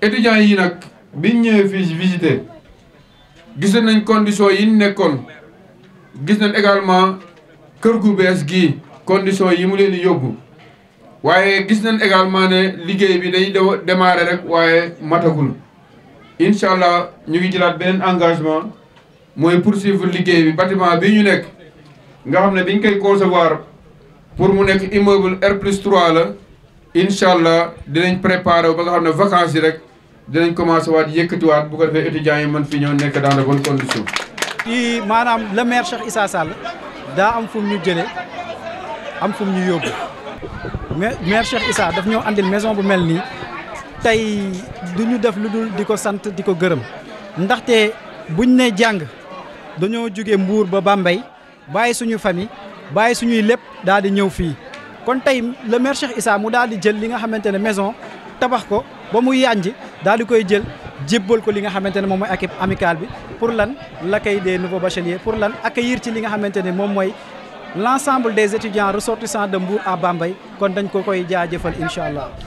étudiants yi nag bi biñ ñëwee fii visité gis nañ conditions yi ñu nekkoon gis nañ également kër gu bees gi conditions yi mu leen di yóbbu waaye gis nañ également ne liggéey bi dañuy de démarrer rek waaye matagul incha allah ñu ngi jëlaat beneen engagement mooy pour poursuivre liggéey bi bâtiment bi ñu nekk nga xam ne biñ koy concevoir pour mu nekk immeuble R plus 3 la. incha allah dinañ préparé ba nga xam ne vacances yi rek dinañ commencé waat yëkkatiwaat bu ko defee étudiants yi mën fi ñëw nekk dans de bonnes ii maanaam le maire Cheikh Issa Sall daa am fu ñu jëlee am fu ñu yóbbu mais maire Cheikh Issa daf ñoo àndil maison bu mel nii tey du ñu def lu dul di ko sant di ko gërëm ndaxte buñ ne jàng dañoo jóge Mbuur ba Bambey bàyyi suñu famille bàyyi suñuy lépp daal di ñëw fii. kon tey le maire Cheikh Issa mu daal di jël li nga xamante ne maison tabax ko ba mu yànj daal di koy jël jébbal ko li nga xamante ne moom mooy équipe amicale bi pour lan l'accueil des nouveaux bacheliers pour lan accueillir ci li nga xamante ne moom mooy l'ensemble des étudiants ressortissants de Mbour à Bambey kon dañ ko koy jaajëfal incha allah